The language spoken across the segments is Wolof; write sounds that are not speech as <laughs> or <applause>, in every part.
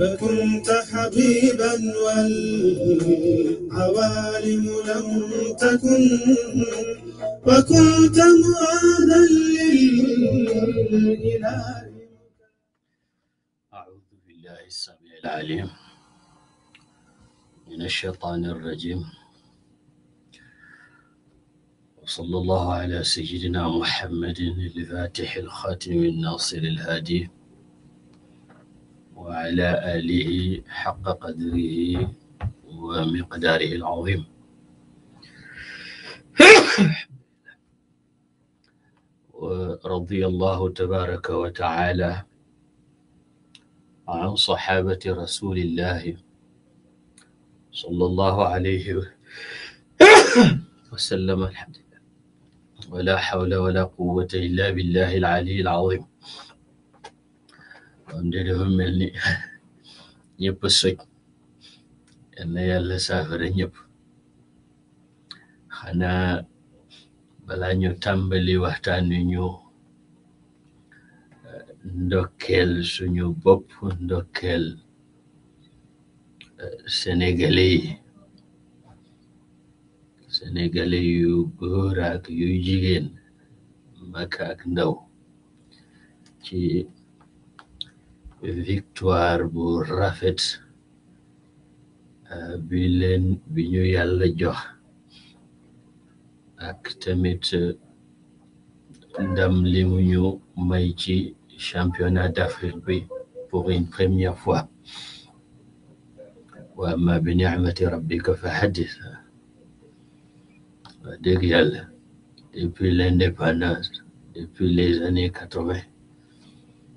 فكنت حبيبا والعوالم لم تكن وكنت معادا للإله أعوذ بالله السميع العليم من الشيطان الرجيم وصلى الله على سيدنا محمد الفاتح الخاتم الناصر الهادي وعلى آله حق قدره ومقداره العظيم ورضي الله تبارك وتعالى عن صحابة رسول الله صلى الله عليه وسلم الحمد لله ولا حول ولا قوة إلا بالله العلي العظيم kon de dafa mel ni <laughs> ñëpp soj yal na yàlla saafara ñëpp xanaa balaa ñu tàmbali waxtaan wi ñu eh, ndokkeel suñu bopp ndokkeel eh, sénégalais yi yu góor ak yu jigéen mag ak ci victoire pour rafet euh, bi leen bi ñu yàlla jox ak euh, ndam championnat d'Afrique pour une première fois wa ma bi ni'mati rabbika fa haddith depuis l'indépendance depuis les années 80,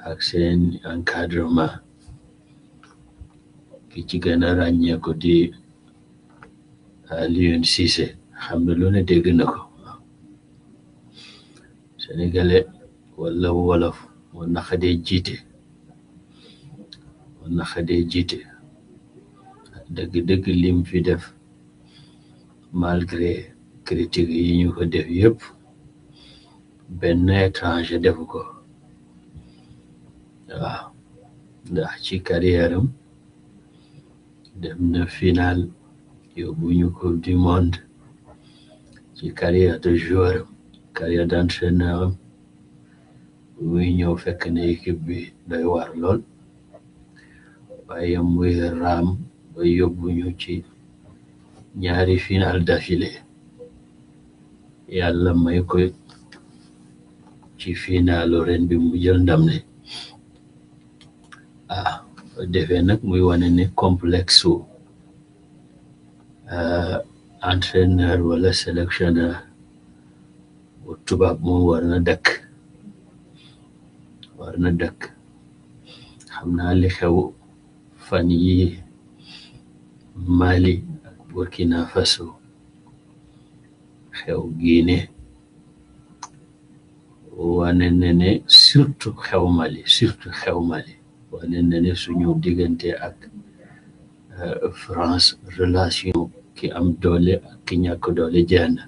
ak seen encadrement ki ci gën a ràññeeku di ah, Alioune Cissé xam ne lu ne dégg na ko sénégalais wala wolof moo naqadee jiite moo naqadee jiite dëgg-dëgg lim fi def malgré critique yi ñu ko def yëpp benn étranger defu ko waaw ndax ci carrière am dem na final yóbbu ñu coupe du monde ci carrière de joueur am carrière d'entraîneur am muy ñëw fekk na bi doy war lool waaye muy raam ba yóbbu ñu ci ñaari final d'affilée yàlla may ko ci finalu ren bi mu jël ndam ah defee nag muy wane ne complexe su ah, entraîneur wala sélectionneur bu tubaab moom war na dëkk war na dëkk xam naa li xew fan yi Mali ak Burkina Faso xew Guinée wane ne ne surtout xew Mali surtout xew Mali wane na ne suñu diggante ak euh, France relation ki am doole ak ki ñàkk doole jeex na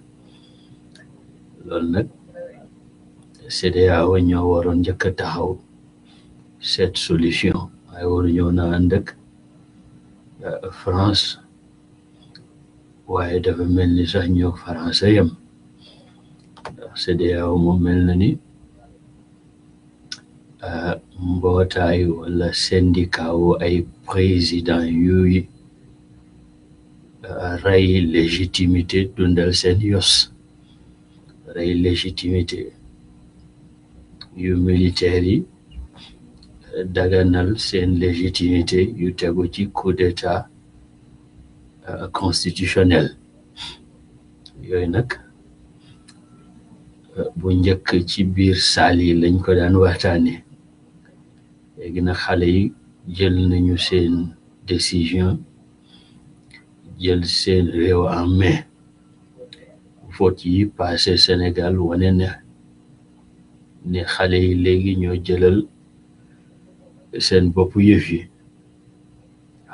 loolu nag CEDEAO ñoo waroon njëkk a taxaw set solution waaye waru ñëw na ànd euh, France waaye dafa mel ni sax ñoo France yem ndax CEDEAO mel na ni mbootaay wala syndicat wu ay président yuy rey légitimité dundal seen yos rey légitimité yu militaire yi daganal seen légitimité yu tegu ci coup d'état constitutionnel yooyu nag bu njëkk ci biir saal yi lañ ko daan waxtaane léegi nag xale yi jël nañu seen décision jël seen réew en main vote passer passé Sénégal wane na ne xalé légui léegi ñoo jëlal seen bop yëf yi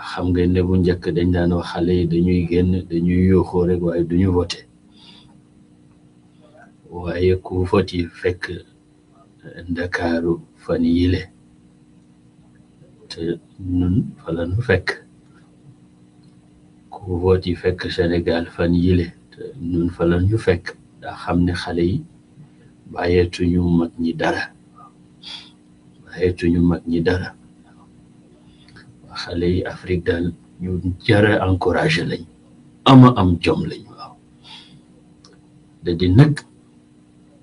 xam nga ne bu njëkk dañ daan wax xale dañuy génn dañuy yuuxoo rek waaye duñu vote waye ku vote yi fekk Ndakaaru fan yile te ñun fa nu fekk couvre-feu yi fekk Sénégal fan yile te ñun fa la ñu fekk daa xam ne xale yi bàyyeetuñu mag ñi dara bàyyeetuñu mag ñi dara xale yi Afrique daal ñu jara encouragé lañ ama am jom lañ waaw da di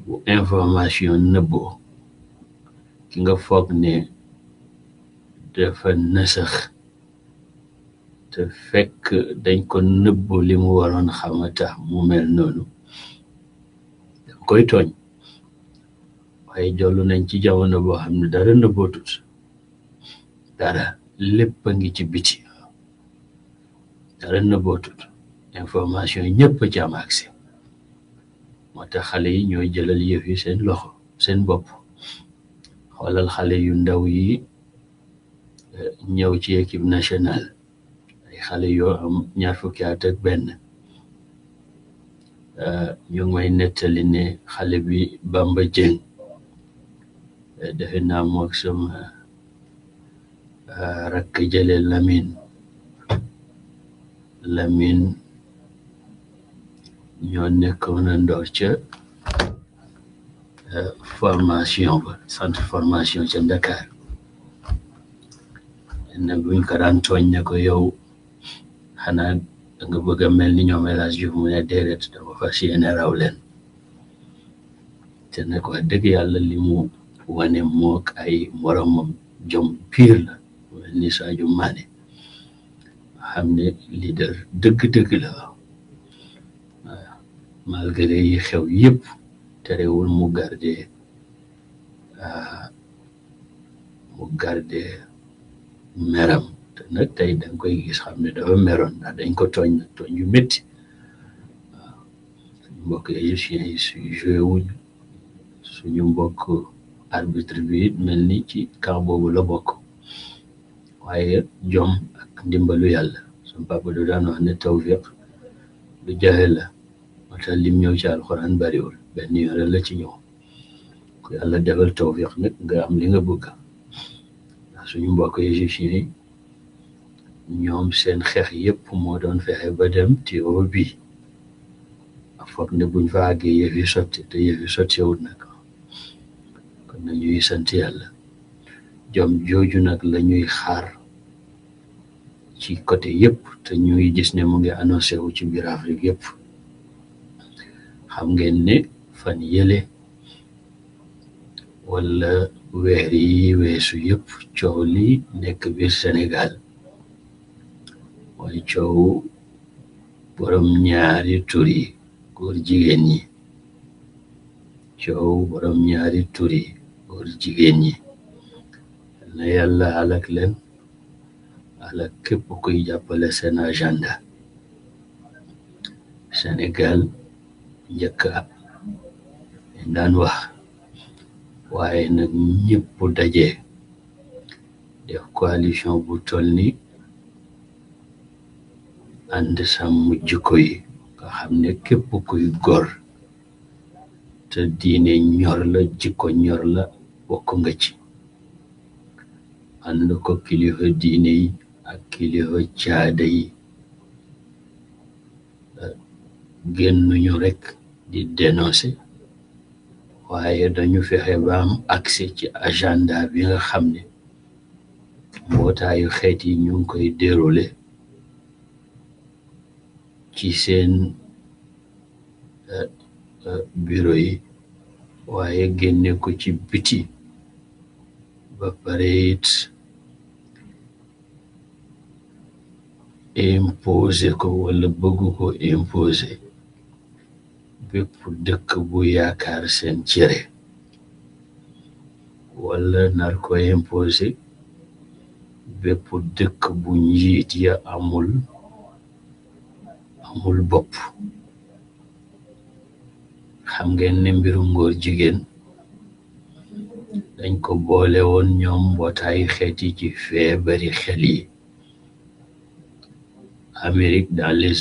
bu information nëbboo ki nga foog ne dafa nësëx te fekk dañ ko nëbb li mu waroon xama tax mu mel noonu dañ koy tooñ waaye jollu nañ ci jamono boo xam ne dara nëbbootut dara lépp a ngi ci biti dara nëbbootut information ñëpp ci am accès xale yi ñooy jëlal yëf yi seen loxo seen bopp xoolal xale yu ndaw yi ñëw ci équipe national ay xale yoo ñaar fukki at ak benn euh, ñu ngi may nettali ne xale bi Bamba Dieng euh, defe naa mook sama euh, rakk jële Lamine Lamine ñoo nekkoon ndoor ca formation ba centre formation ca Dakar buñ ko daan tooñ ko yow xanaa danga bëgg a mel ni ñoom El Hadj Diouf mu ne raw leen te ne ko dëgg yàlla li mu wane mook ay moromam jom piir la mel ni Sadio Mané ne leader dëgg-dëgg la waaw malgré yi xew yëpp terewul mu garde ah, meram te nag tey da nga koy gis ne dafa meroon ndax dañ ko tooñ nag tooñ yu mbokk égyptiens su joué wuñ suñu mbokk arbitre bi mel ni ci kaw boobu la bokk waaye jom ak ndimbalu yàlla suñ papa du daan wax ne lu ja la moo tax lim ñëw ci alxuraan bariwul benn yoon la ci ñëw ku yàlla defal tawfiq nag nga am li nga bëgg suñu mbokk égyptiens yi ñoom seen xeex yëpp moo doon fexe ba dem ci Europe bi foog ne buñ fa àggee yëf yi sotti te yëf yi sottiwut nag kon na ñuy sant yàlla jom jooju nag la ñuy xaar ci côté yëpp te ñuy gis ne mu ngi annoncé wu ci biir Afrique yëpp xam ngeen ne fan yële wala weer yi weesu yépp coow li nekk biir Senegal mooy coow borom ñaari turi góor jigéen ñi borom ñaari turi góor jigéen ñi na yàlla alak leen alak képp kuy jàppale seen agenda Senegal njëkka daan wax waaye nag ñëpp daje def coalition bu tol ni ànd sàmm jikko nga xam ne képp kuy góor te diine ñor la jikko ñor la bokk nga ci ànd ko kilifa diine yi ak kilifa caada yi génnuñu rek di dénoncer waaye dañu fexe ba am accès ci agenda bi nga xam ne mbootaayu xeet yi ñu ngi koy déroulé ci seen euh, euh, bureau yi waaye génne ko ci biti ba pare it ko wala bëgg ko imposé bépp dëkk bu yaakaar seen cere wala nar ko imposé bépp dëkk bu njiit ya amul amul bopp xam ngeen ne mbiru ngóor jigéen dañ ko boole woon ñoom mbootaay xeeti ci feebari xel yi Amérique dans les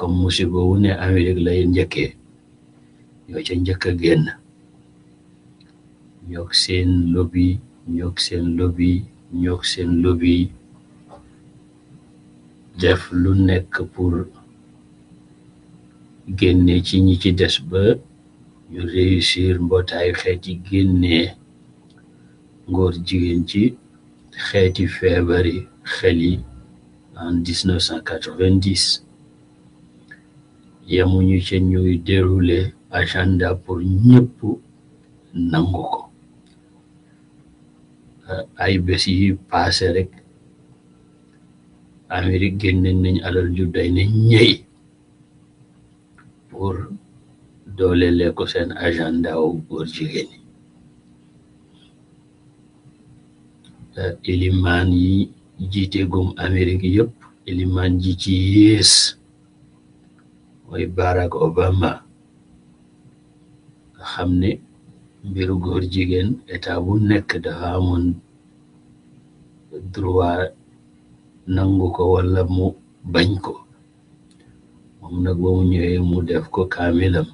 comme musiba wu ne Amérique lay njëkkee ñoo ca njëkk a génn ñoog seen lobby ñoog seen lobby ñoog seen def lu nekk pour génne ci ñi ci des ba ñu réussir mbootaayu xeeti génne ngor jigéen ci xeeti feebari xel yi en 1990 yemuñu ci ñuy dérouler agenda pour ñëpp nangu ko euh, ay bés yi paase rek Amérique génne nañ alal ju day ne ñey pour doole lee ko seen agenda wu góor jigéen euh, ilimaan yi jiite gum Amérique yëpp ilimaan ji ci yées mooy Barack Obama nga xam ne mbiru góor jigéen état bu nekk dafa amoon droit nangu ko wala mu bañ ko moom na ba mu ñëwee mu def ko kaamilam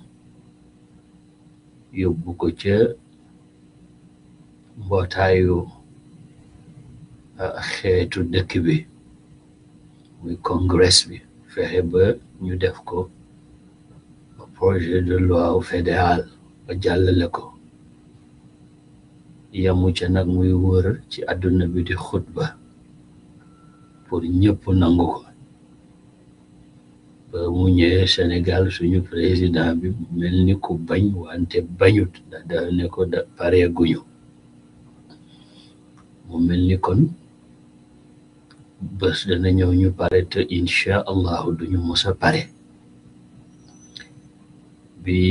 yóbbu ko ca mbootaayu xeetu dëkk bi muy congrès bi fexe ba ñu def ko projet de loi fédéral ba jàllale ko yamu ca nag muy wër ci àdduna bi di ba pour ñëpp nangu ko ba mu ñëwee Sénégal suñu président bi mel ni ku bañ wante bañut da daf ne ko da pare guñu mu mel ni kon bés dana pare te incha duñu musa pare bi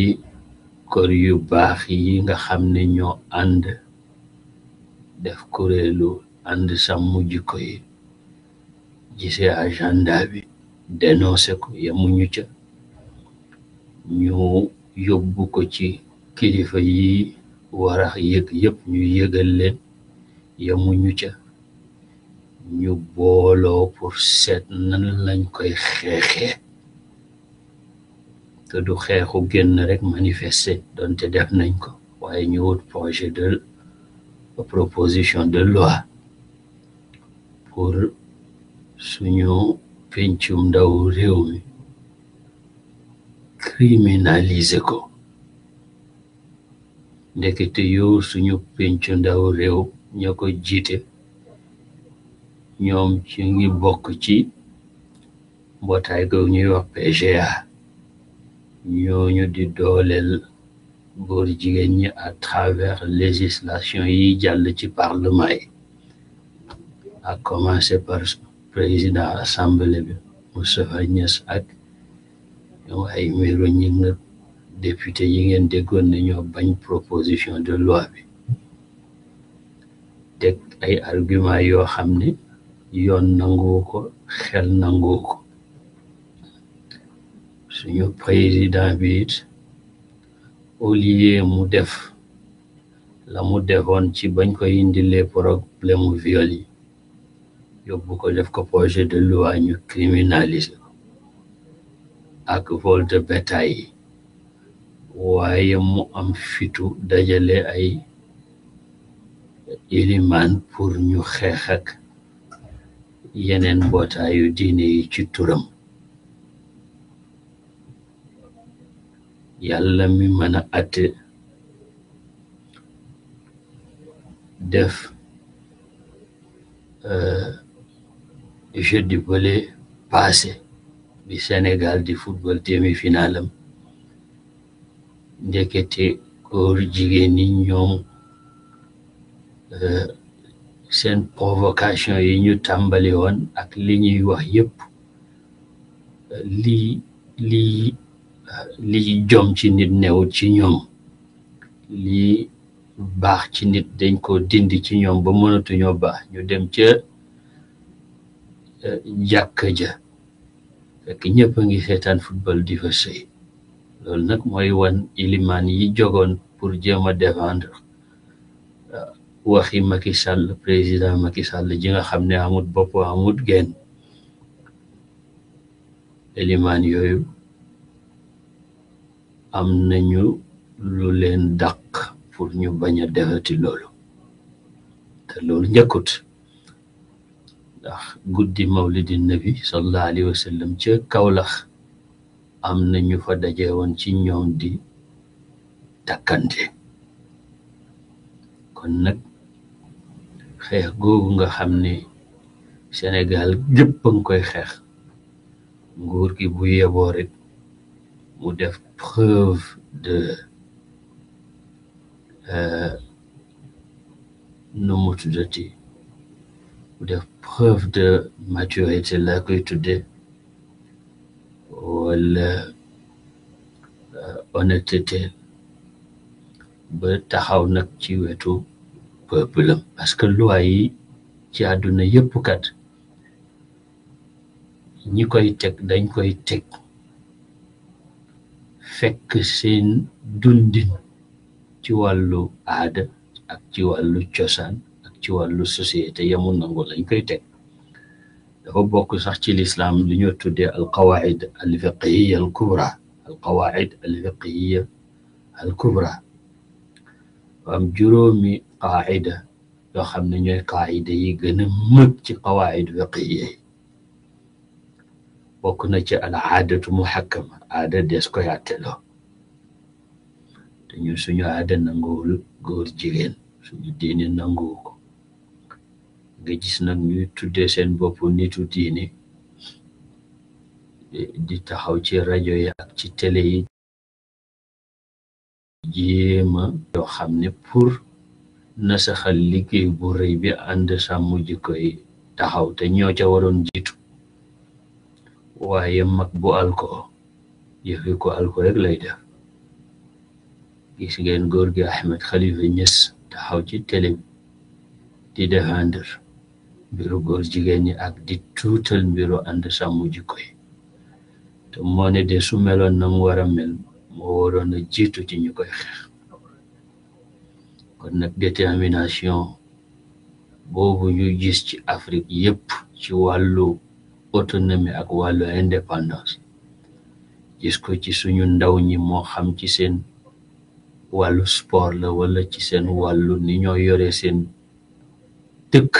kër yu baax yi nga xam ne ñoo ànd def kurelu ànd sàmmu koy yi gise agenda bi denonse ko yamuñu ca ñu yóbbu ko ci kilifa yi wara yëg yépp ñu yëgal leen yamuñu ca ñu booloo pour seet nan lañ koy xeexee te du xeexu génn rek manifester donte def nañ ko waaye ñu wut projet de proposition de loi pour suñu pencum ndaw réew mi criminaliser ko ndekete yow suñu pencu ndaw réew ña ko jiite ñoom ci ngi bokk ci mbootaay go ñuy wax PGA ñooñu di dooleel góor jigéen ñi à travers législation yi jàll ci parlement yi a commencé par président assemblée bi Moustapha Niass ak ñoom ay miro ñi nga député yi ngeen déggoon ne ñoo bañ proposition de loi bi teg ay argument yoo xam ne yoon nangoo ko xel nangoo ko suñu président bi it au lieu mu def la mu defoon ci bañ ko indilee problème mu viol yi ko def ko projet de loi ñu criminaliser ko ak vol de bétail mu am fitu dajale ay ilimaan pour ñu xeex ak yeneen mbootaayu diine yi ci turam yàlla mi mën a atte def jeudi bële passé bi Sénégal di football demi-finalam ndekete góor jigéen ñi ñoom euh, seen provocation yi ñu tàmbali woon ak li ñuy wax yëpp euh, lii lii li jom ci nit newut ci ñoom li baax ci nit dañ ko dindi ci ñoom ba mënatuñoo baax ñu dem ca eh, jàkka ja fekk ñëpp a ngi seetaan football di fa sëy loolu nag mooy wan ilimaan yi jogoon pour jéem a défendre eh, waxi Macky Sall président Macky ji nga xam ne amut bopp amut genn ilimaan yooyu am nañu lu leen dàq pour ñu bañ a defati loolu te loolu njëkkut ndax guddi mawlidi nabi sallallahu alayhi wa ca Kawlax am na ñu fa dajewoon ci ñoom di takkante kon nag xeex googu nga xam ni senegal gépp a ngi koy xeex nguur gi bu yeboo mu def preuve de euh, maturité, mu ou de preuve de maturité today koy ou la euh, honnêteté t'as taxaw parce que loi qui a donné kat koy koy fekk sin dundin ci wàllu aada ak ci wàllu cosaan ak ci wàllu société yamu nangu lañ koy teg dafa bokk sax ci lislaam lu ñu tuddee alqawaid alfiqiya alkubra alqawaid alfiqiya alkubra am juróomi qaida yoo xam ne ñooy qaida yi gën a mëg ci qawaid fiqiya yi bokk na ci al aadatu muhakkama aada des koy àtteloo te ñun suñu aada nanguwul góor jigéen suñu diine nanguwu ko nga gis nag ñuy tuddee seen bopp nitu diine di taxaw ci rajo yi ak ci tele yi jéema yoo xam ne pour nasaxal liggéey bu rëy bi ànd sàmm jikko yi eh, taxaw te ñoo ca waroon jiitu waaye mag bu alko jëfe ko alko rek lay def gis ngeen góor gi Ahmed Khalifa Niass taxaw ci télé di défendre mbiru góor jigéen ñi ak di tuutal mbiru ànd sàmm jikko yi te moo ne de su meloon na mu war a moo waroon a jiitu ci ñu koy kon nag détermination boobu ñu gis ci Afrique yépp ci wàllu autonomie ak wàllu indépendance gis ko ci suñu ndaw ñi moo xam ci seen wàllu sport la wala ci seen wàllu ni ñoo yore seen tëkk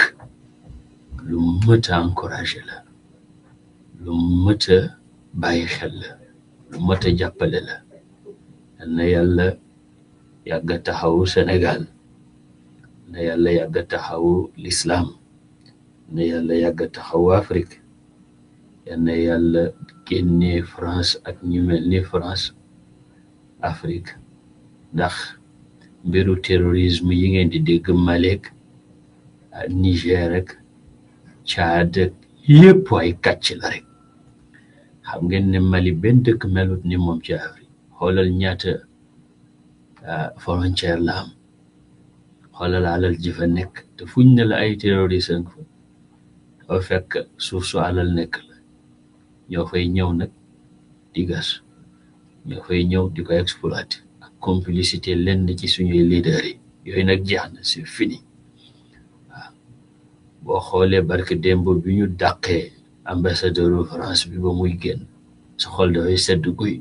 lu mëta encouragé la lu mëta bàyyi xel la lu mëta jàppale la na yàlla yàgga taxaw Sénégal na yàlla yàgga taxaw l'islam na yàlla yàgga taxaw Afrique yal na yàlla génne France ak ñu mel ni France Afrique ndax mbiru terrorisme yi ngeen di dégg Malek ah, Niger ak Tchad ak yëpp ay kàcc la rek xam ngeen ne Mali benn dëkk melut ni moom ci Afrique xoolal ñaata ah, frontière la am xoolal alal ji nekk te fuñ ne la ay terroriste ak fa fekk suuf su alal nekk ñoo fay ñëw nag di gas ñoo fay ñëw di ko exploité ak complicité lenn ci suñuy leader yi yooyu nag jeex na c'est fini waaw boo xoolee barke démb bi ñu dàqee ambassadeur France bi ba muy génn sa xol dafay sedd guy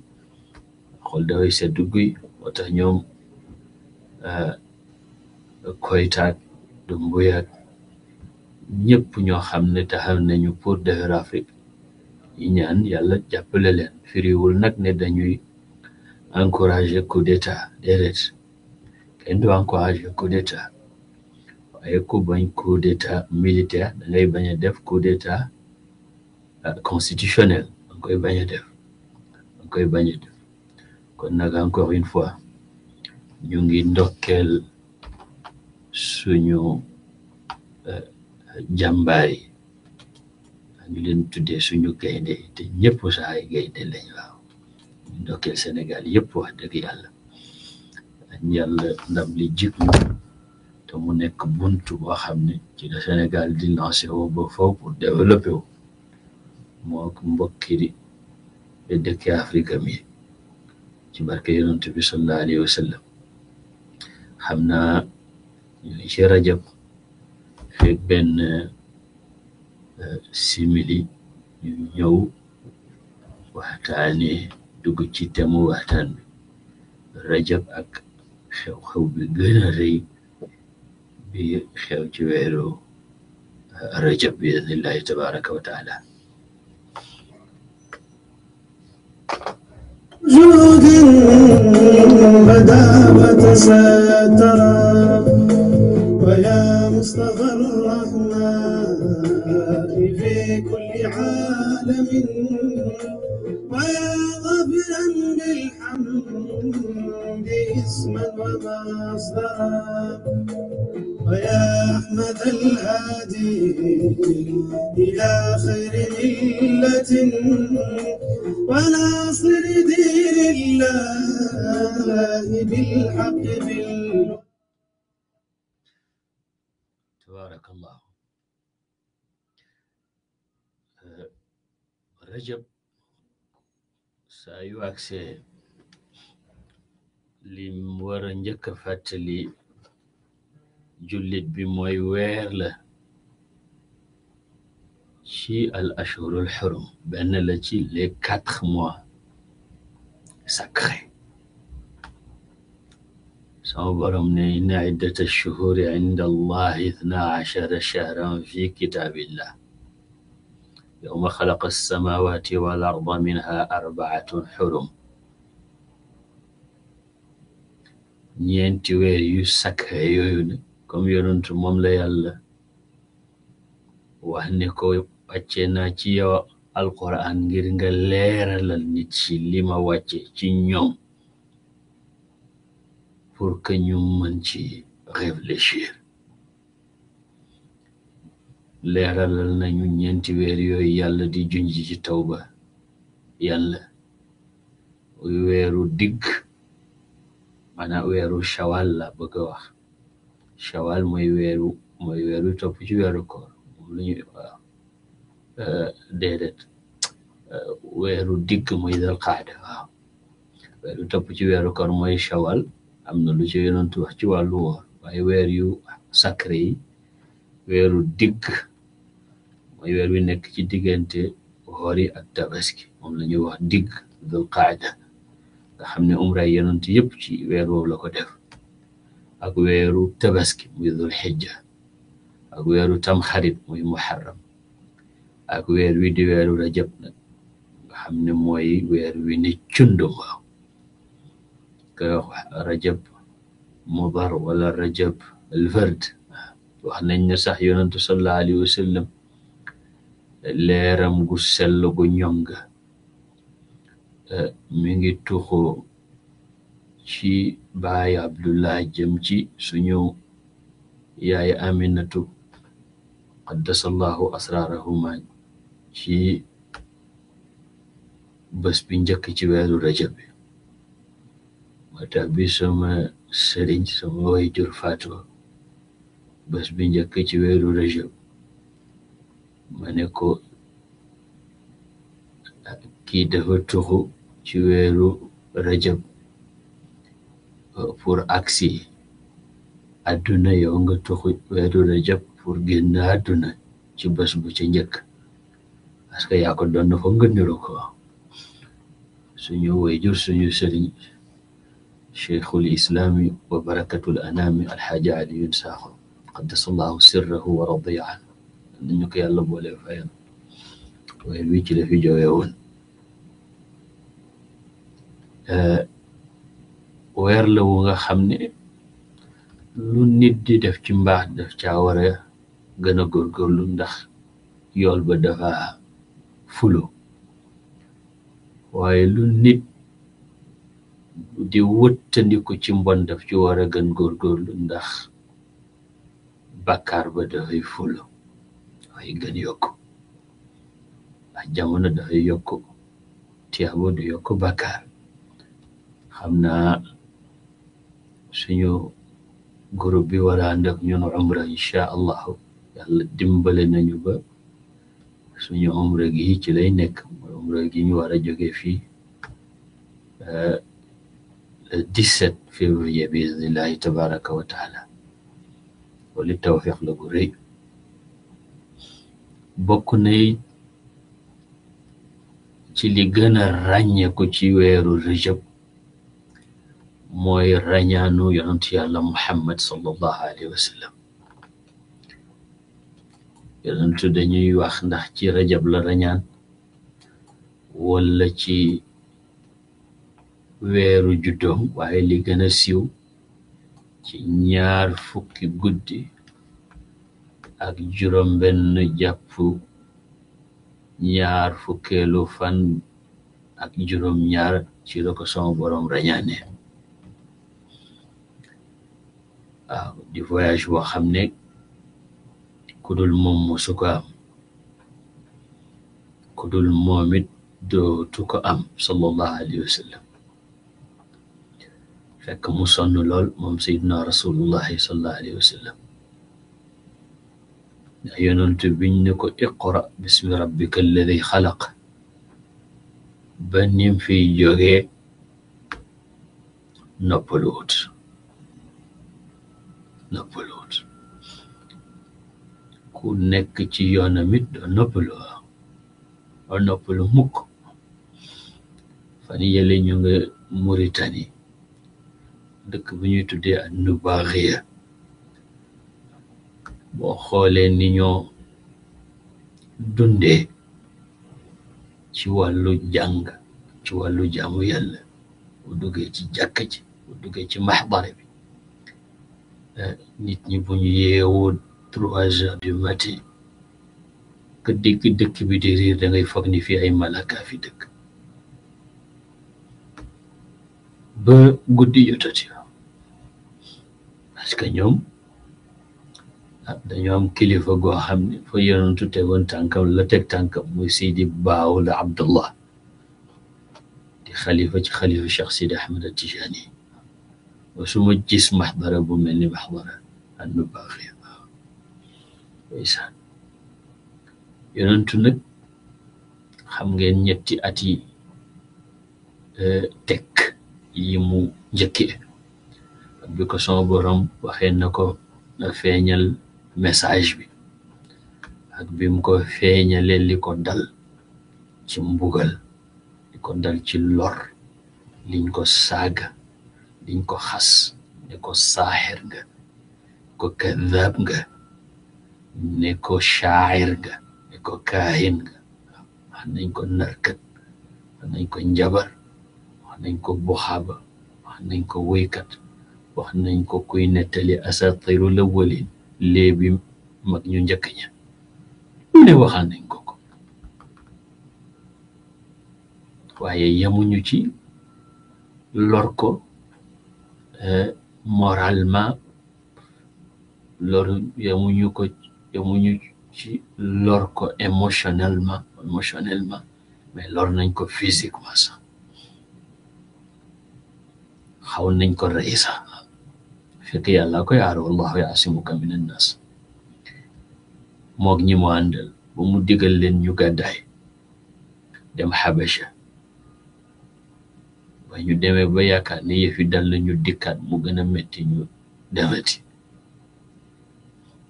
xol dafay sedd guy moo tax ñoom euh, koytaak du mbuyaak ñëpp ñoo xam ne taxaw nañu pour defar yi ñaan yàlla jàppale leen firiwul nag ne dañuy encouragé coup d'état déedéet kenn du encouragé coup d'état waaye ku bañ coup d'état militaire da ngay bañ a def coup d'état euh, constitutionnel da bañ a def koy bañ kon nag encore une fois ñu ngi ndokkeel suñu euh, jàmbaar ñu leen tuddee suñu gaynde te ñëpp saa ay gaynde lañ waaw ndokkeel Sénégal yëpp wax dëgg yàlla yàlla ndam li jik te mu nekk buntu boo xam ne ci la Sénégal di lancé woo ba foo pour développé wu moo mbokkiri dëkki Afrique mi ci barke yonent bi sallallahu alayhi wa sallam xam naa ñu ngi ci rajab fekk simili ñu ñëw waxtaane dugg ci temu waxtaan bi rajab ak xew-xew bi gën a rëy bi xew ci weeru rajab bi idnillahi tabaraka wa taala جود بدا وتساترا ويا مصطفى الرحمن بعد منه ويا ظفرا بالحمد اسما ومصدرا ويا أحمد الهادي إلى خير ملة وناصر دين الله بالحق بالله رجب سايو اكسي لي مورا نجاك فاتلي جلد بموي ويرل شي الاشهر الحرم بان لتي لي 4 موا سكري سو برم عدة الشهور عند الله 12 شهرا في كتاب الله يوم خلق السماوات والأرض منها أربعة حرم نينتي وير يسك هيون كم يرون تمام لي الله وهنكو أتينا تيا القرآن غيرنا لير للنتشي لما واتي تنيوم pour que nous revléchir. leeralal nañu ñeenti weer yooyu yàlla di junj ci ba yàlla weeru digg maanaam weeru shawal la bëgg a wax shawal mooy weeru mooy ci weeru koor moom ñu waaw euh, euh, weeru digg mooy dal xaada weeru topp ci weeru koor mooy shawal am na lu ci yonantu wax ci wàllu woor waaye weer yu sacré yi weeru digg mooy weer wi nekk ci diggante woori ak tabaski moom la ñuy wax digg dul qaada xam ne umra yonent yëpp ci weer woowu def ak weeru tabaski muy dul xijja ak weeru tamxarit muy muharram ak weer wi di weeru rajab nag xam ne mooy weer wi ne cunduma ka rajab mudar wala rajab alvard wax nañ ne sax yonentu sallallahu alayhi wa sallam leeram gu sell gu ñong eh, mi ngi tuxu ci baay abdullah jëm ci suñu yaay aminatu qaddasallahu asrarahuma ci bés bi njëkk ci weeru rajab bi moo tax bi sama jur faatu bés bi njëkk ci weeru rajab mane ko kii dafa tuxu ci weeru rajab euh, pour aksi àdduna yow tuxu weeru rajab pour génn àdduna ci bés bu ca njëkk parce que yaa ko doon na fa ngëndiru ko suñu wayjur suñu sëriñ cheikhul islami wa barakatul anami alxaaja aliyun saaxo qaddasallahu sirrahu wa radiya anhu dañu ko yàlla boole fayal waaye wii ci la fi jooye woon eh, weer la wu nga xam ne lu nit di def ci mbaax daf caa war a gën a góorgóorlu ndax yool ba dafa fulo waaye lu nit di wëttandiku ci mbon daf ci war a gën góorgóorlu ndax bàkkaar ba dafay fulo ay gën yokk ak jamono dafay yokk tiyaabo du yokk bakkaar xam naa suñu groupe bi wara ànd ak ñun umra incha allahu yàlla dimbale nañu ba suñu umra gi ci lay nekk umra gi ñu war a jóge fii euh, le 17 février bi iznillahi tabaraka wa taala wali tawfiq la gu bokk na ci li gën a ràññeeku ci weeru rëjëb mooy ràññaanu yonent yàlla muhammad sallallahu alayhi wa sallam yonentu dañuy wax ndax ci rajab la ràññaan wala ci weeru juddoom waaye li gën a siiw ci ñaar fukki guddi ak jurómbenn jàpp ñaar fukkeelu fan ak juróom ñaar ci la ko sama borom rañaane waaw di voyage boo ne kudul moom mosu ko am kudul moomit dootu ko am sallallahu alayhi wa sallam fekk mu sonn lool moom sayyidina rasulullahi ndax biñ ne ko iqra bismi rabbika alladi xalaq ba nim fi joge noppaluwut noppaluwut ku nekk ci yoonam it doo noppalu doo noppalu mukk fan yële ñu nga Muritani dëkk bu ñuy tudde an Nubaaxiya boo xoolee ni ñoo dundee ci wàllu jàng ci wàllu jaamu yàlla bu duggee ci jàkka ji bu ci maxbara bi eh, nit ñi buñu yeewoo trois heures du matin ka dégg dëkk bi di riir da ngay fi ay malaka fi dëkk ba guddi jotati parce que ñoom dañoo am kilifa goo xam ne fa yonantu tegoon tànkam la teg tànkam muy Sidi Baawul Abdullah di xalifa ci xalifa Cheikh Sidi Ahmed Tijani wasuma gis maxdara bu mel ni maxdara an nu baaxee waaw ndeysaan yonantu nag xam ngeen ñetti at yi tekk yi mu njëkkee bi ko son borom waxee na ko na feeñal message bi ak bi bim ko feeñale li ko dal ci mbugal li ko dal ci lor liñ ko saaga liñ ko xas ne ko saaxir nga ko kadab nga ne ko shaacir nga ko kaahin nga wax nañ ko narkat wax nañ ko njabar wax nañ ko buxaaba wax nañ ko woykat wax nañ ko kuy nettali asatirul awwalin léebi mag ñu njëkk ña lu ne nañ ko ko waaye yemuñu ci lor ko eh, moralement lor yemuñu ko yemuñu ci lor ko émotionnellement émotionnellement mais lor nañ ko physiquement sax xaw nañ ko rey fekke yàlla koy aar wallahu yaasimuka minan nas moog ñi mu àndal ba mu digal leen ñu gàddaay dem xabasha ba ñu demee ba yaakaar ne yëfi dal na ñu dikkaat mu gën a metti ñu demati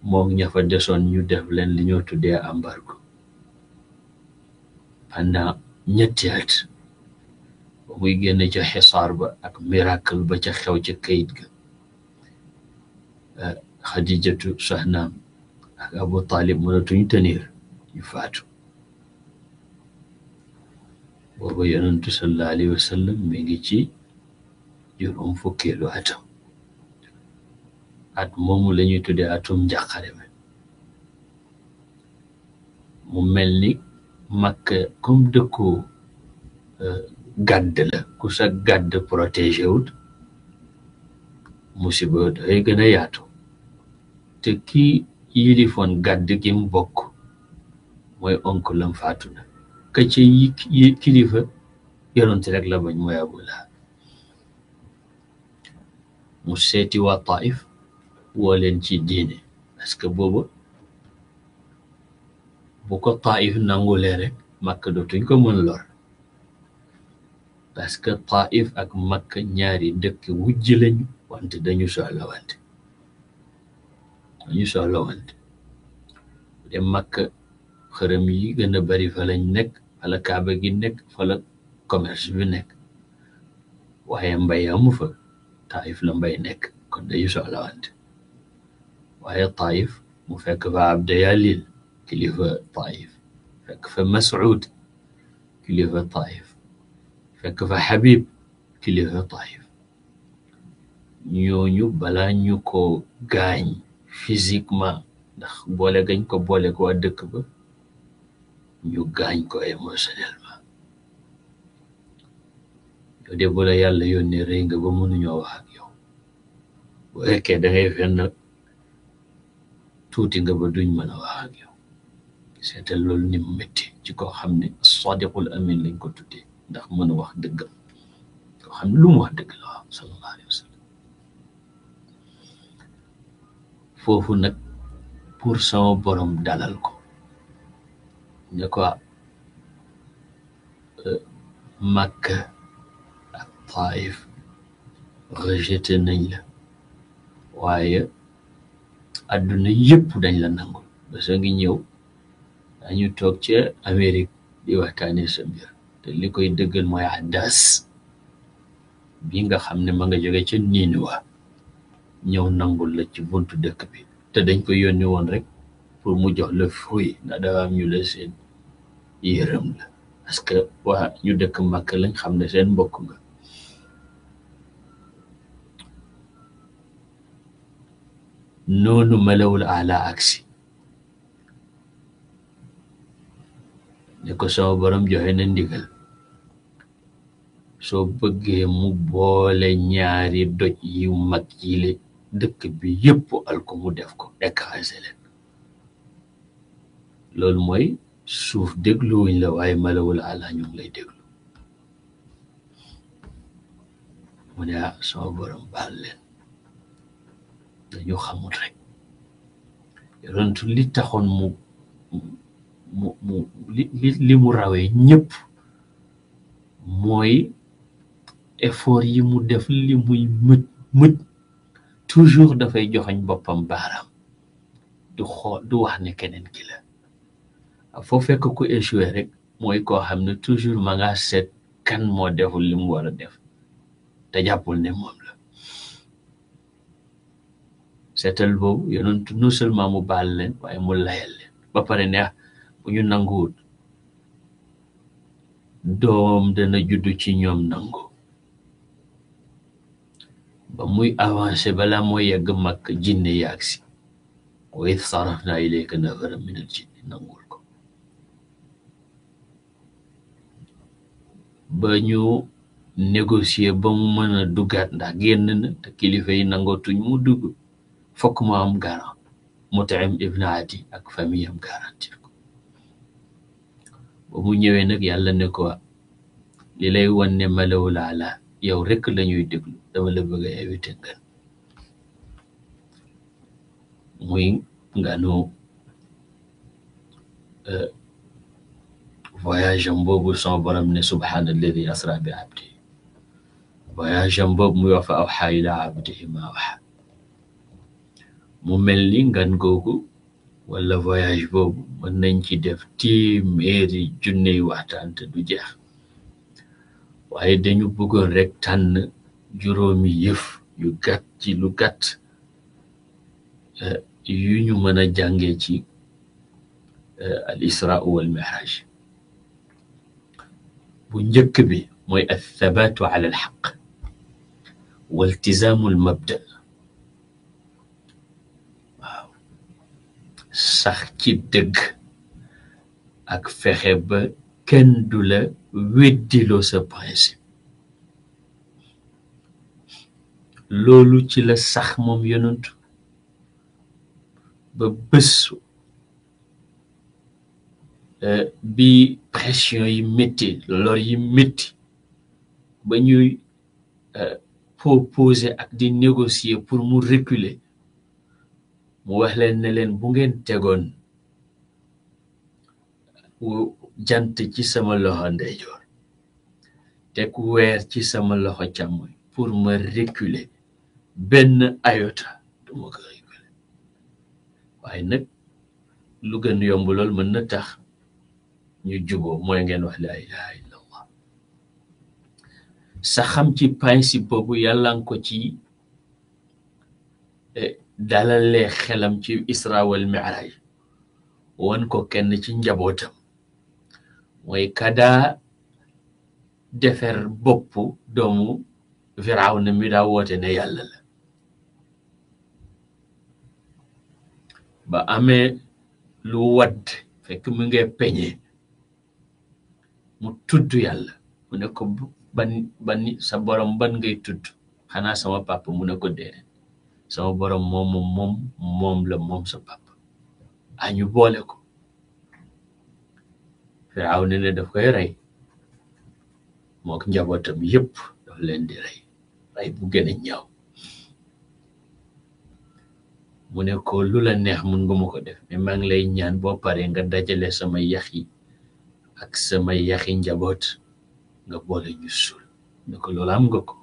moom ña fa desoon ñu def leen li ñoo tuddee embargo pendant ñetti at ba muy génn ca xisaar ba ak miracle ba ca xew ca kayit ga خديجه سهنام ابو طالب مولاتو تنير يفاتو وهو ينتو صلى الله عليه وسلم ميجيجي يروم فكيلو اتم ات مومو لا نيو تودي اتم جاخاري مي مو ملني مكه كوم دكو غاد لا كوسا غاد بروتيجي musiba day gën a yaatu te kii yilifoon gàdd gi mu bokk mooy oncle am faatu na ka ci yi kilifa yonent rek la bañ mooy Abu Lahab mu seeti waa Taif woo ci diine parce que booba bu ko Taif nangulee rek Makka dootuñ ko mën lor que Taif ak Makka ñaari dëkk wujj lañu wante dañu soxla wante dañu soxla wante de makka xërëm yi gën a bari fa lañ nekk fa la kaaba gi nekk fa la commerce bi nekk waaye mbay amu fa taayif la mbay nekk kon dañu soxla wante waaye taayif mu fekk fa abda yalil kilifa taayif fekk fa mas'ud kilifa taayif fekk fa habib kilifa taif ñooñu balaa ñu ko gaañ physiquement ndax boole gañ ko boole ko waa dëkk ba ñu gaañ ko émotionnellement yow de bu la yàlla yónnee rëy nga ba mënuñoo wax ak yow bu fekkee da fen nag tuuti nga ba duñ mën a wax ak yow seetal loolu ni mu métti ci ko xam ne sadiqul amin lañ ko tuddee ndax mën a wax dëggam koo xam ne wax dëgg la waaw sallallahu alayhi foofu nag pur sama borom dalal ko ne ko euh, Makka ak Taif rejeté nañ la waaye àdduna yëpp dañ la nangul bés ngi ñëw añu toog ca Amérique di waxtaane sa mbir te li koy dëggal mooy àddas bi nga xam ne ma nga jóge ca Niinuwa ñëw nangul la ci buntu dëkk bi te dañ ko yónni woon rek pour mu jox la fruit ndax dafa la seen yërëm la parce que waa ñu dëkk màkk lañ xam ne seen mbokk nga noonu malawul ala aksi ne ko sama borom joxe na ndigal soo bëggee mu boole ñaari doj yi mag yi dëkk bi yëpp alko mu def ko écrasé leen loolu mooy suuf dégluwuñ la waaye malawul àlla ñu ngi lay déglu mu ne ah sama borom baal leen dañu xamul rek yonentu li taxoon mu mu mu li li mu rawee ñëpp mooy effort yi mu def li muy mët mët toujours dafay joxoñ boppam baaraam du wax ne keneen ki la foo fekk ku échoué rek mooy koo xam ne toujours maga set kan moo deful li mu war a def te jàppul ne moom la seetal boobu yonentu non seulement mu bal leen waaye mu layal leen ba pare neex bu ñu nanguwut doom dana juddu ci ñoom nangu ba muy avancé bala mooy yegg mag jinne yaag si wa id sarafna ilayka nafaran min al jinni nangul ko ba ñu négocier ba mu mën a duggaat ndax génn na te kilifa yi nangootuñ mu dugg fokk mu am garant Mutaim ibn Adi ak famille am garantir ko ba mu ñëwee nag yàlla ne ko li lay wan ne malawul yow rek lañuy ñuy dama la bëgga invité gan muy nganu euh, voyage am boobu son ne subhaana alladi asra bi abdi voyage am boobu muy wax fa awxa ila ma awxa mu mel ni ngan googu wala voyage boobu mën nañ ci def téeméeri junney waxtaan te du jeex waaye dañu bëggoon rek tànn juróomi yëf yu gàtt ci lu gàtt yu ñu mën a jànge ci al isra wal mi'raj bu njëkk bi mooy al ala al xaq waltizaamu al mabda waaw sax ci dëgg ak fexe ba kenn du la weddiloo sa principe loolu ci la sax mom yonent ba euh bi pression yi métti lor yi metti ba ñuy euh, proposer ak di négocier pour mu reculer mu wax leen ne leen bu ngeen tegoon jant ci sama loxo ndeyjoor teg weer ci sama loxo pour me reculer benn iota waaye nag lu gën yomb lool mën na tax ñu juboo mooy ngeen wax laa ilaha illa allah ci principe boobu yàlla nga ko ci eh, dalalee xelam ci isra wal mi'raj wan ko kenn ci njabootam mooy kadaa defer bopp doomu Firawna mi daa woote ne yàlla ba amé lu wad fekk mu ngi peñé mu tuddu yalla mu ne ko ban ban sa borom ban ngay tuddu xana sama papa mu ne ko déedéet sama borom mom mom mom la mom sa papa a ñu boole ko firaaw ne ne daf koy ray mok njabotam yépp daf leen di ray ray bu gëna ñaw mune ko lu la neex mun nga mako def mais ngi lay ñaan bo pare nga dajale sama yahi ak sama yahi njabot nga boole ñu sul ne ko loolu am nga ko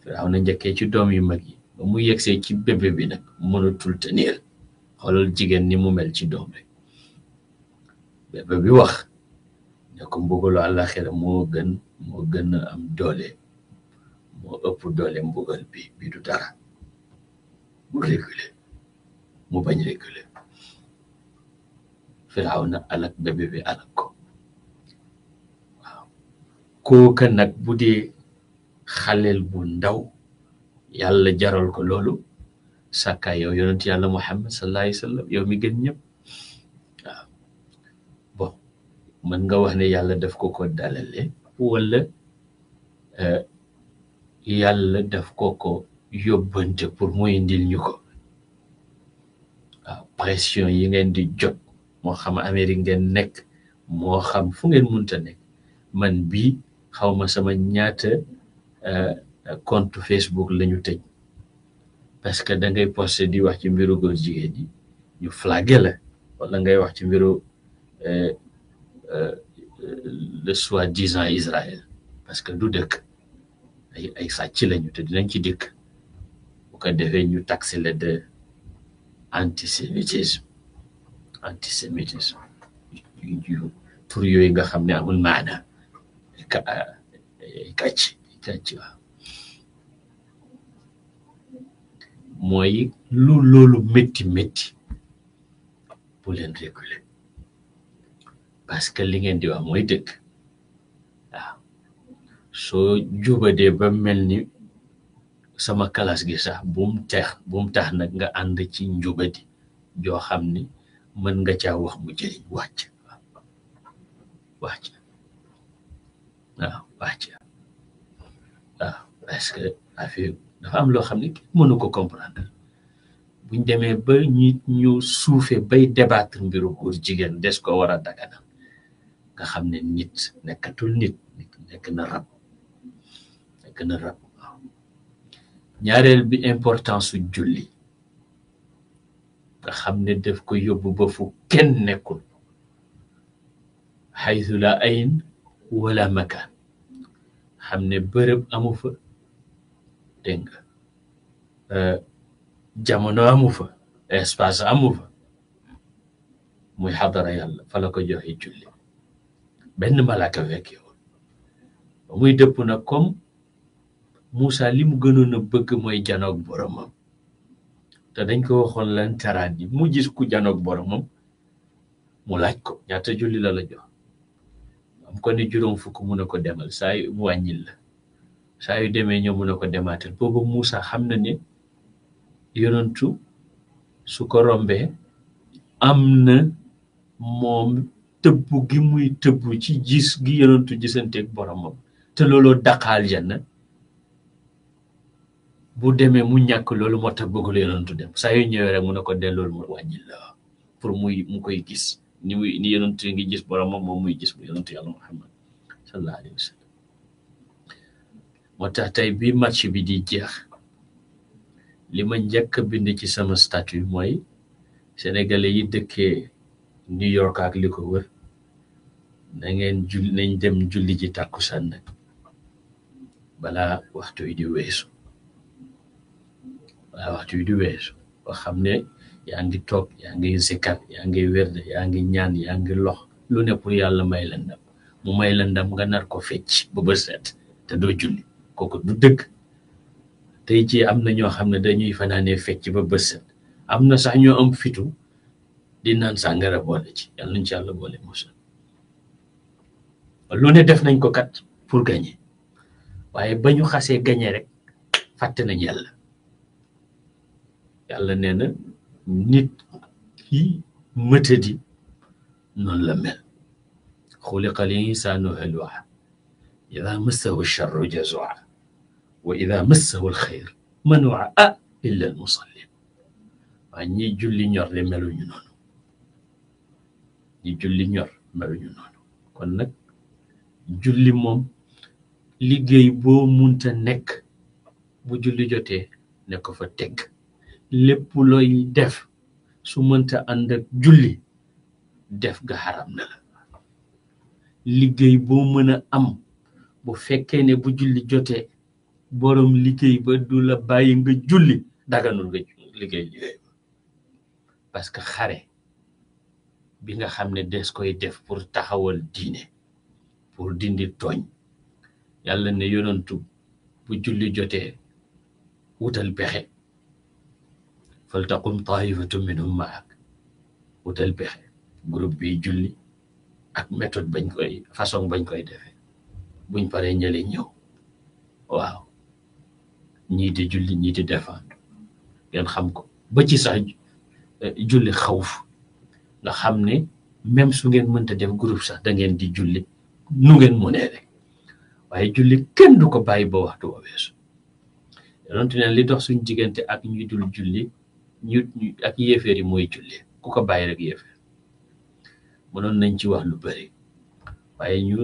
firaaw na njëkkee ci doom yu magi ba mu yexé ci bébé bi nag tul tenir xolal jigen ni mu mel ci doom bi bébé bi wax ne ko allah mo gën mo gën am doole mo ëpp doole mbugal bi bi du dara mu reculer mu bañ alak bébé bi alak ko waaw kooka nag bu dee xaleel bu ndaw yàlla jaral ko loolu sàkka yow yonent yàlla Muhammad sallallahu alayhi wa sallam yow mi gën ñëpp waaw bon mën nga wax ne yàlla daf ko ko dalale wala euh, yàlla daf ko ko yóbbante pour mu indil ñu ko waaw ah, pression yi ngeen di jot moo xam ameri ngeen nekk moo xam fu ngeen munta nekk man bi xaw ma sama ñaata eh, compte Facebook lañu tëj parce que da ngay posté di wax ci mbiru góor jigéen yi ñu flagué wala ngay wax ci mbiru eh, eh, le soi-disant Israël parce que du dëkk ay ay sàcc lañu te dinañ ci dëkk ko defee ñu taxé la de antisémitisme antisémitisme yooyu nga xam ne amul maana ka kàcc kàcc waaw lu loolu métti métti bu leen reculer parce que li ngeen di wax mooy dëkk waaw soo jubadee ba mel ni sama kalaas gi sax bum teex bum tax nag nga ànd ci njubadi joo xam ni mën nga caa wax mu jëriñ wax wàcc waaw wàcc waaw parce que affaire dafa am loo xam ne mënu ko comprendre buñ demee ba nit ñu suufe bay débattre mbiru góor jigéen des ko war a daganal nga xam ne nit nekkatul nit nekk na rab nekk na rab ñaareel bi importance su julli nga xam ne def ko yóbbu ba fu kenn nekkul xaytu la ayn wala makaan xam ne bërëb amu fa dégg nga jamono amu fa espace amu fa muy xadara yàlla fa la ko joxe julli benn malaaka wekk yow muy dëpp na comme Moussa li mu gënoon a bëgg mooy janoog boromam te dañ ko waxoon lan taraan yi mu gis ku janoog boromam mu laaj ko ñaata julli la la am ko ne juróom fukk mun a ko demal saa yu mu saa yu demee ñoo mun a ko demaatal boobu Moussa xam na ne yonantu su ko am na moom tëbb gi muy tëbb ci gis gi yonantu gisanteeg boromam te looloo daqaal janna bu demee mu ñàkk loolu moo tax bëggul yonantu dem saa yu ñëwee rek mu ne ko dee loolu mu wàññi la pour muy mu koy gis ni muy ni yonantu ngi gis boromam moom muy gis bu yonantu yàlla muhammad sallallahu alayhi wa moo tax tey bi match bi di jeex li ma njëkk a bind ci sama statut mooy sénégalais yi dëkkee New York ak li ko wër na ngeen jul nañ julli ji tàkkusaan nag bala waxtu yi di weesu waxtu wi du weesu ba xam ne yaa ngi toog yaa ngi sikkat yaa ngi wérde yaa ngi ñaan yaa ngi lox lu ne pour yàlla may la mu may la ndam nga nar ko fecc ba ba set te doo julli kooku du dëgg tey ci am na ñoo xam ne dañuy fanaane fecc ba ba am na sax ñoo am fitu di naan sàngara boole ci yàlla nañ ci yàlla boole musal lu ne def nañ ko kat pour gagner waaye ba ñu xasee gagner rek fàtte nañ yàlla yàlla nee na nit ki mëtadi noonu la mel xuliqa al insaanu halwaa ida massahu charru jazua wa ida massahu al xayr manua a illa al musallin waa ñi julli ñor de meluñu noonu ñi julli ñor meluñu noonu kon nag julli moom liggéey boo munta nekk bu julli jotee ne ko fa tegg lépp looy def su mënta ànd ak julli def ga xaram na la liggéey boo mën a am bu fekkee ne bu julli jotee borom liggéey ba du la bàyyi nga julli daganul nga liggéey liggéey parce que xare bi nga xam ne des koy def pour taxawal diine pour dindi tooñ yàlla ne yonantu bu julli jotee wutal pexe faltaqum taifatun minhum maak utal pexe groupe bi julli ak méthode bañ koy façon bañ koy defee buñ paree ñële ñëw waaw ñii di julli ñii di défendre ngeen xam ko ba ci sax eh, julli xawf nga xam ne même su ngeen mënta def groupe sax da ngeen di julli nu ngeen mënee rek waaye julli kenn du ko bàyyi ba waxtu wa weesu yonent ne li dox suñ diggante ak ñuy dul julli ak yéeféer yi mooy julli ku ko bàyyi rek yéeféer mënoon nañ ci wax lu bëri waaye ñu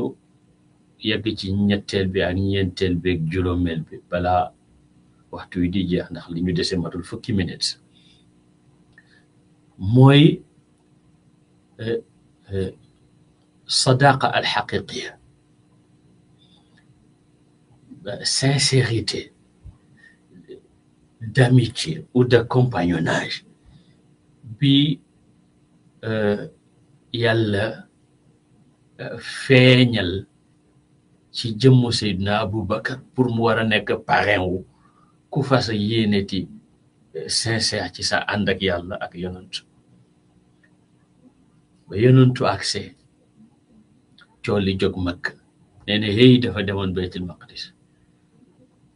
yegg ci ñetteel bi ak ñeenteel bi ak juróomeel bi balaa waxtu wi di jeex ndax li ñu dese matul fukki minutes mooy sadaqa al xaqiqiya sincérité d'amitié ou de compagnonnage bi euh, yàlla euh, feeñal ci jëmmu Seydina Aboubacar pour mu war a nekk parrain wu ku fasa yéeneti euh, sincère ci sa ànd ak yàlla ak yonantu ba yonantu accès cooli jóg mag nee na hey dafa demoon Baytul Maqdis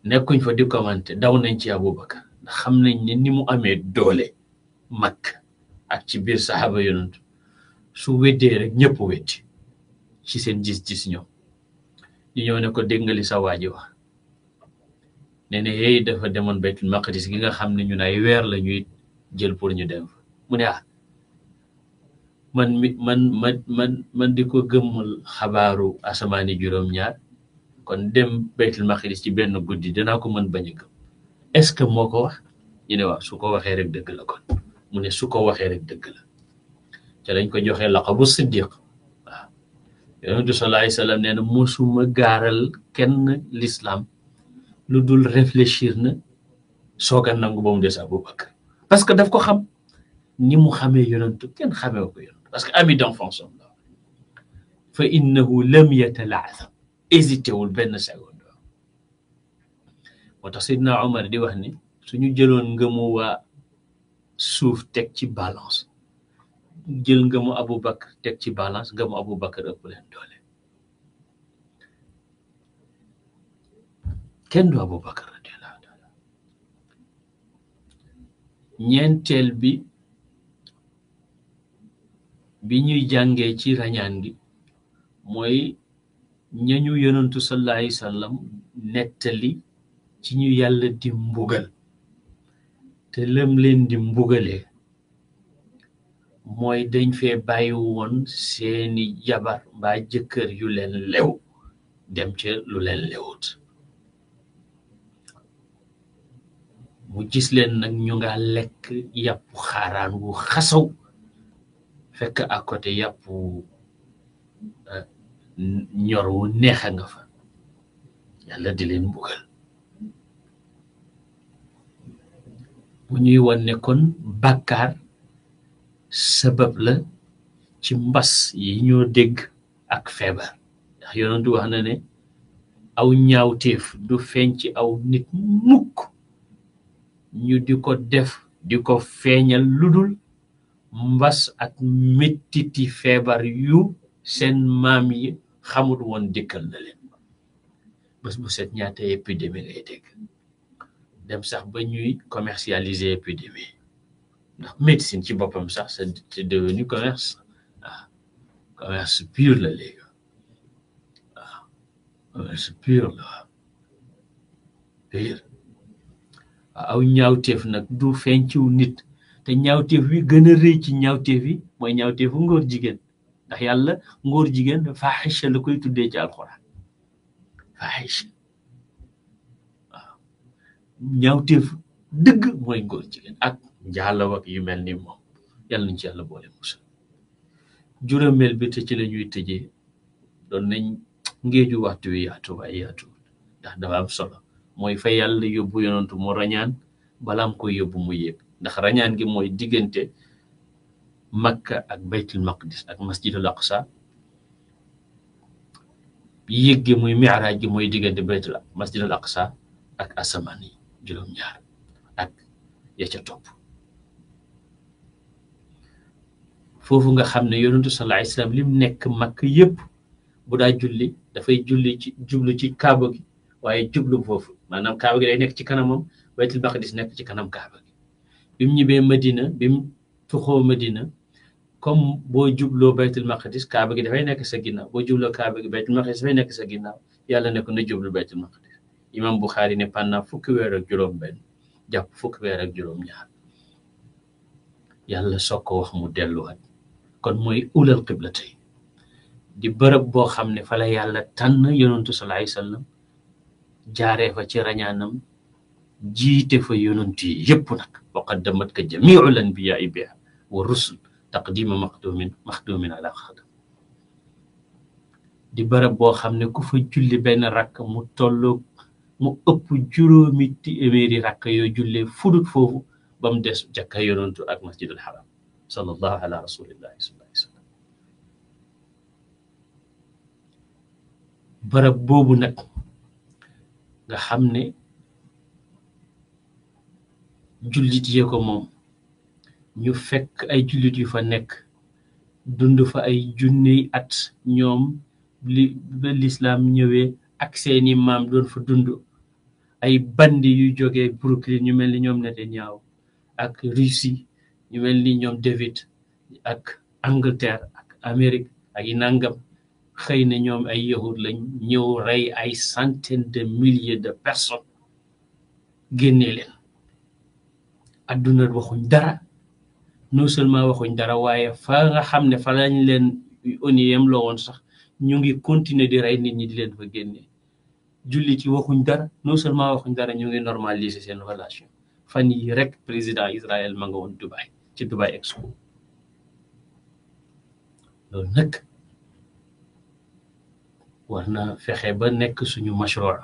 nekkuñ fa di commenté daw nañ ci Aboubacar ndax xam nañ ne ni mu amee doole mag ak ci biir saxaaba yonent su weddee rek ñëpp weddi ci seen gis-gis ñoom ñu ñëw ne ko dégg nga li sa waa ji wax ne ne yéy dafa demoon baytul maqdis ki nga xam ne ñun ay weer la ñuy jël pour ñu dem mu ne ah man mi man man man man di ko gëmmal xabaaru asamaani juróom-ñaar kon dem baytul maqdis ci benn guddi danaa ko mën bañ a gëm est ce que moo ko wax ñu ne waaw su ko waxee rek dëgg la kon mu ne su ko waxee rek dëgg la te lañ ko joxee laqabu siddiq waaw yonent bi sallallahu alayhi wasallam nee na mosuma gaaral kenn l'islam lu dul réfléchir na soog a nangu ba mu des Abu Bakar parce que daf ko xam ni mu xamee yonentu kenn xamee ko yonentu parce que ami d'enfance om la fa innahu lam yatalaazam hésité wul benn seconde moo tax Seydina di wax ni suñu jëloon ngëmu waa suuf teg ci balance jël ngëmu Abu teg ci balance ngëmu Abu Bakr doole kenn du Abu Bakr radiyallahu taala ñeenteel bi bi ñuy jàngee ci rañaan gi mooy ñañu yonentu sallallahu alayhi wa nettali ci ñu yàlla di mbugal te lëm leen di mbugale mooy dañ fee bàyyi woon seeni jabar ba jëkkër yu leen lew dem ca lu leen lewut mu gis leen nag ñu nga lekk yàpp xaaraan wu xasaw fekk à côté yàpp ñor wu neex a nga fa yàlla di leen mbugal bu ñuy wan ne kon sabab la ci mbas yi ñoo dégg ak feebar ndax yonentu wax na ne aw ñaawteef du feeñ ci aw nit mukk ñu di ko def di ko feeñal ludul mbas ak mettiti feebar yu seen maam yi xamul woon dikkal na leen bés bu set ñaata épidémie ngay dégg dem sax ba ñuy commercialiser épidémie ndax médecine ci boppam sax c'est devenu commerce waaw ah, commerce pur la léegi waaw ah, commerce pur la waaw pur ah, aw ñaawteef nag du feeñ nit te ñaawteef wi gën a rëy ci ñaawteef yi mooy ñaawteefu ngóor jigéen ndax yàlla ngóor jigéen faaxisha la koy tuddee ci alxuraan faaxisha waaw ñaawteef dëgg mooy ngóor jigéen ak njaalo ak yu mel ni moom yàlla nañ ci yàlla boole musal juróomeel bi te ci la ñuy tëjee doon nañ ngeeju waxtu wi yaatu waaye ndax dafa am solo mooy fa yàlla yóbbu yonantu mu rañaan balaam ko yóbbu mu yéeg ndax rañaan gi mooy diggante مكة أك baytul maqdis أك masjidul aqsa يجي gi muy miraaj gi muy diggante baytul masjidul aqsa ak asamaan أك juroom توب ak ya ca topp foofu nga xam ne yonentu sallallahu alayhi wasallam lim nekk Makka yépp bu daa julli dafay julli ci jublu ci kaaba gi waaye jublu foofu maanaam kaaba gi day nekk ci kanamam baytul maqdis nekk ci kanam kaaba gi bim ñibbee medina bim tuxoo medina comme boo jubloo baytul maqdis kaaba gi dafay nekk sa ginnaaw boo jubloo kaaba gi baytul maqdis dafay nekk sa ginnaaw yàlla ne ko na jublu baytul maqdis imam Buxaari ne pendant fukki weer ak juróom benn jàpp fukki weer ak juróom ñaar yàlla soog ko wax mu delluwaat kon mooy ulal qibla tey di bërëb boo xam ne fa yàlla tànn yonantu salaay sallam jaaree fa ci rañaanam jiite fa yonantu yëpp nag wa qaddamat ka jamiul anbiyaa biha wa rusul taqdimu maxdumin maxdumin ala xadam di bërëb boo xam ne ku fa julli benn rakk mu tolloog mu ëpp juróomi téeméeri rakk yoo jullee fudut foofu ba mu des jàkka yonantu ak masjidul haram sallallahu ala rasulillahi sallallahu alayhi wasallam bërëb boobu nag nga xam ne jullit yee ko moom ñu fekk ay jullit yu fa nekk dund fa ay junniy at ñoom li ba lislaam ñëwee ak seeni maam doon fa dund ay bandi yu jógee Brooklyn ñu mel ni ñoom ñaaw ak Russie ñu mel ni ñoom David ak Angleterre ak Amérique ak i nangam xëy na ñoom ay yahud lañ ñëw rey ay centaine de milliers de personnes génne leen adduna waxuñ dara non seulement waxuñ dara waaye fa nga xam ne fa lañ leen oniyem loo woon sax ñu ngi continuer di rey nit ñi di leen fa génne jullit yi waxuñ dara non seulement waxuñ dara ñu ngi normaliser seen relation fan yi rek président Israël ma nga woon Dubai ci Dubai Expo loolu nag war na fexe ba nekk suñu masroor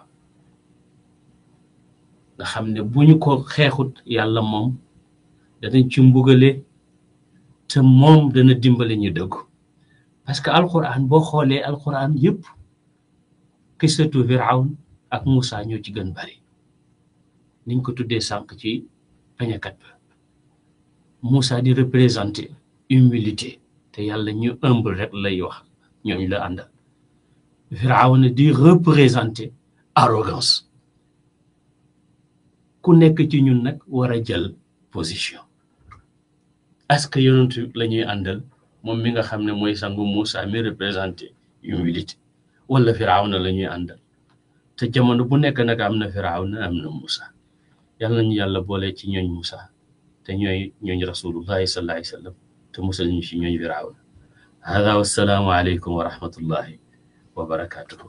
nga xam ne bu ko xeexut yàlla moom danañ ci mbugale te moom dana dimbale ñu dëggu parce que alxuraan boo xoolee alxuraan yëpp qisatu Firawn ak Moussa ñoo ci gën bari niñ ko tuddee sànq ci pañakat ba Moussa di représenter humilité te yàlla ñu humble rek lay wax ñooñu la àndal Firawn di représenter arrogance ku nekk ci ñun nag war a jël position askan yonentu la ñuy àndal moom mi nga xam ne mooy sangu Moussa mi représenté humilité wala firawna la ñuy àndal te jamono bu nekk nag am na firawna am na Moussa yal nañu yàlla boole ci ñooñ Moussa te ñooy ñooñ rasulullahi sallallahu alayhi sallam te musal ñu ci ñooñ firawna hada wassalaamu aleykum wa rahmatullahi wa barakatuhu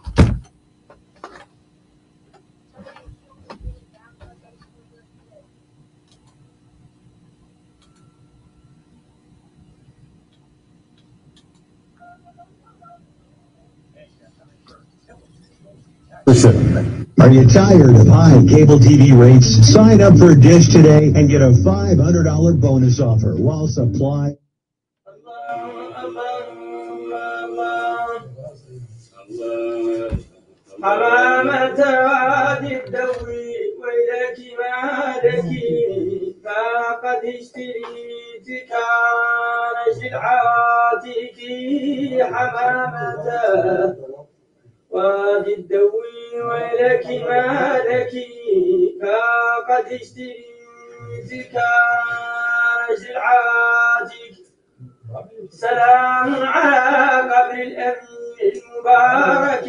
Are you tired of high cable TV rates? Sign up for Dish today and get a $500 bonus offer while supply. فقد واد الدوي ويلك ما لك فقد اشتري زكاج عاتك سلام على قبر الأمين المبارك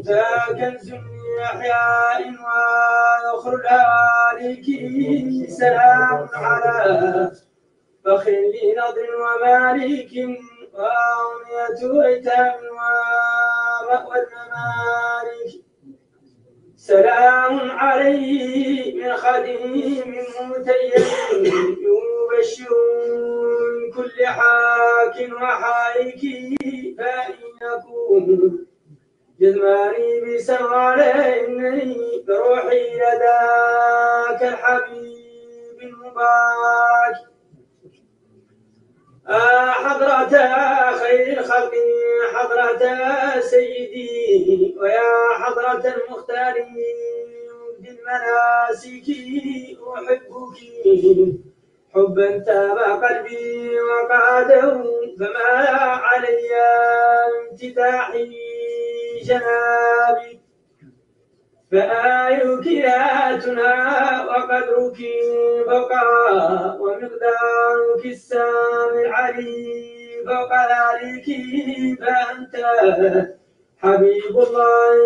فكنز أحياء وآخر الهالك سلام على فخر بنضر ومالك وأغنية أيتام ومأوى سلام عليه من خديم متيم يبشرون كل حاك وحائك فإن يكون جزماني بسر عليني بروحي لداك الحبيب المبارك حضرة خير الخلق حضرة سيدي ويا حضرة المختار بالمناسك أحبك حبا تاب قلبي وقعده فما علي امتداحي جنابك فآيك آتنا وقدرك بقاء ومقدارك السامع علي فوق ذلك فأنت حبيب الله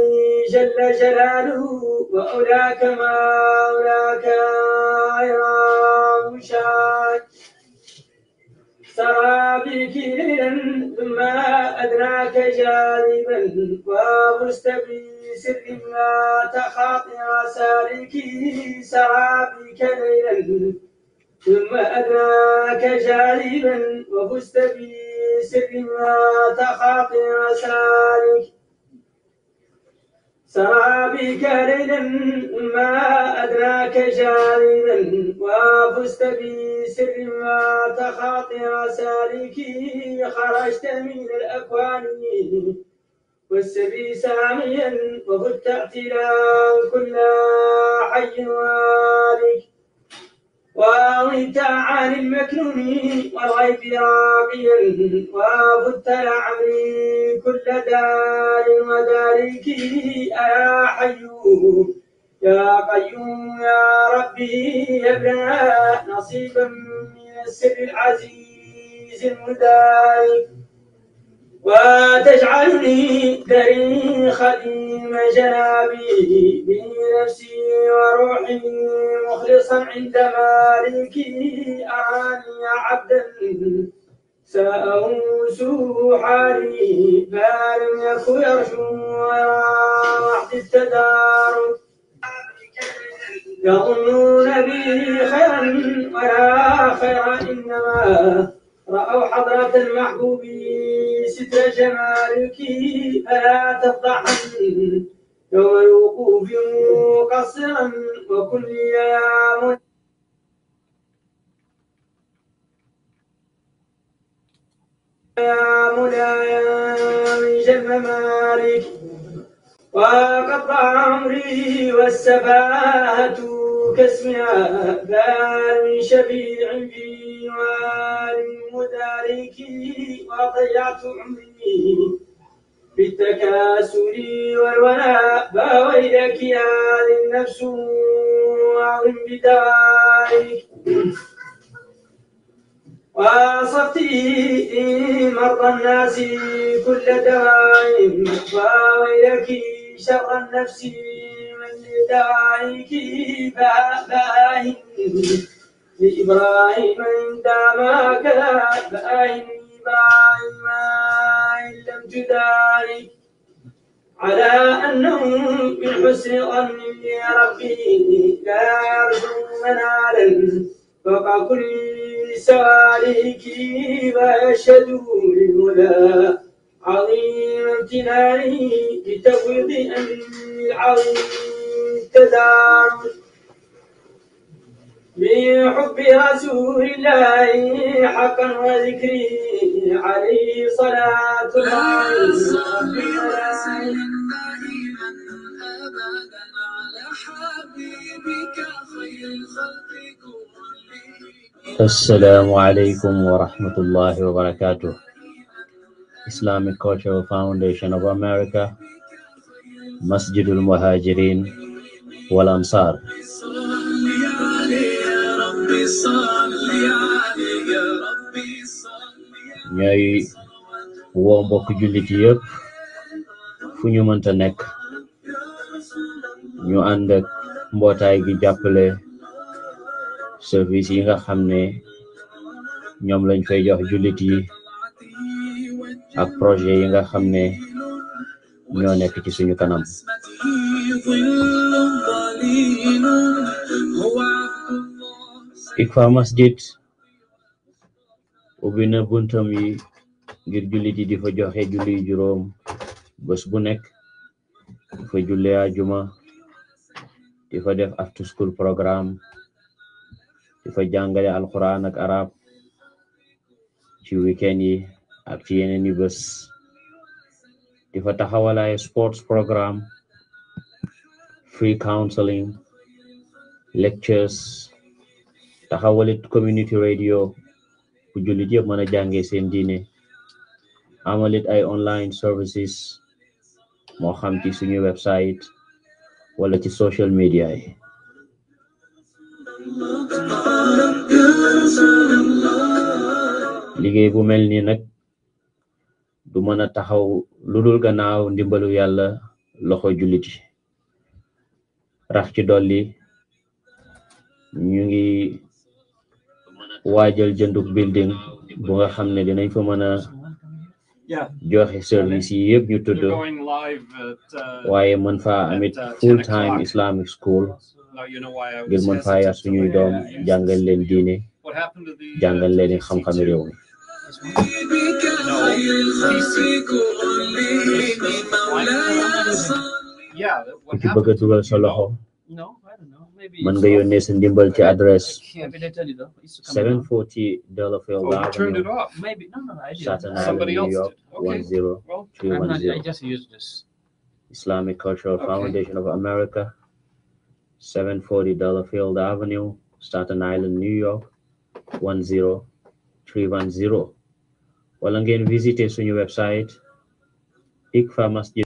جل جلاله وأولاك ما أولاك يا مشاك سرى بكيل ثم أدراك جالبا وغرست بسر ما تخاطر سالكي سرى بك ليلا ثم أدراك جالبا وغرست بسر ما تخاطر سالكي سرى بكاردا ما أدراك جاردا وفزت بسر ما تخاطر سالكي خرجت من الأكوان والسبي ساميا وغدت اعتلال كل حي والك وأغنت عن المكنون والغيب راقيا وفدت لعمري كل دار ودارك يا حي يا قيوم يا ربي ابن نصيبا من السر العزيز المدارك وتجعلني خديم جنابي بنفسي وروحي مخلصا عند مالكي أراني عبدا سأوس حالي فلم يكن يرجو وحد التدارك يظنون بي خيرا ولا خير إنما رأوا حضرة المحبوبين ليست جمالك فلا تفضحن يوم الوقوف مقصرا وكل يا يا ملايا من جم مالك وقطع عمري والسباهة كاسمها بال من شفيع فيه والمدارك وضيعت عمري بالتكاسل والولاء فويلك يا للنفس وعظم بدارك وصفتي مرضى الناس كل دائم فويلك شر النفس من لدائك باهن لإبراهيم عندما كان كذب فأين إبراهيم إن لم تدارك على أنهم بحسن ظن ظني ربي لا يرجو منالا فوق كل سواليك ويشهدوا للملا عظيم امتنانه بتفويض أمر العظيم تدارك بحب رسول الله حقا وذكري عليه صلاة الله صل وسلم أبدا على حبيبك خير الخلق كلهم السلام عليكم ورحمة الله وبركاته Islamic Cultural Foundation of America Masjidul Muhajirin Wal Ansar ñooy woo mbokk jullit yëpp fu ñu mënta nekk ñu ànd ak mbootaay gi jàppale service yi nga xam ñoom lañ fay jox jullit yi ak projet yi nga xam ne ñoo nekk ci suñu kanam ikfa masjid ubina buntam yi ngir di fa joxe julli juróom bes bu nek fa di fa def after school program, di fa jàngale alquran ak arab ci weekend yi ak ci yeneen yi bes di fa sports program, free counseling lectures taxawalit community radio bu jullit yëpp mën a jàngee seen diine amalit ay online services moo xam ci suñu website wala ci social media yi liggéey bu mel ni nag du mën a taxaw lu dul gannaaw ndimbalu yàlla loxo jullit yi rax ci dolli ñu ngi Wajal jënduk building bu nga xam ne dinañ fa mën a joxe service yi yëpp ñu tudd uh, waaye mën faa amit uh, full time islamic school ngir mën faa yar suñuy doom uh, jàngal leen diine jàngal leen i xam-xami réew mi ku ci bëgg a dugal mën nga yónnee sa ndimbal ci adresse 740 Delafield Avenue Staten Island New York 10210 Islamic Cultural Foundation of America 740 forty dollar field Avenue Staten Island New York 10310 wala ngeen visiter suñu website ikfa masjid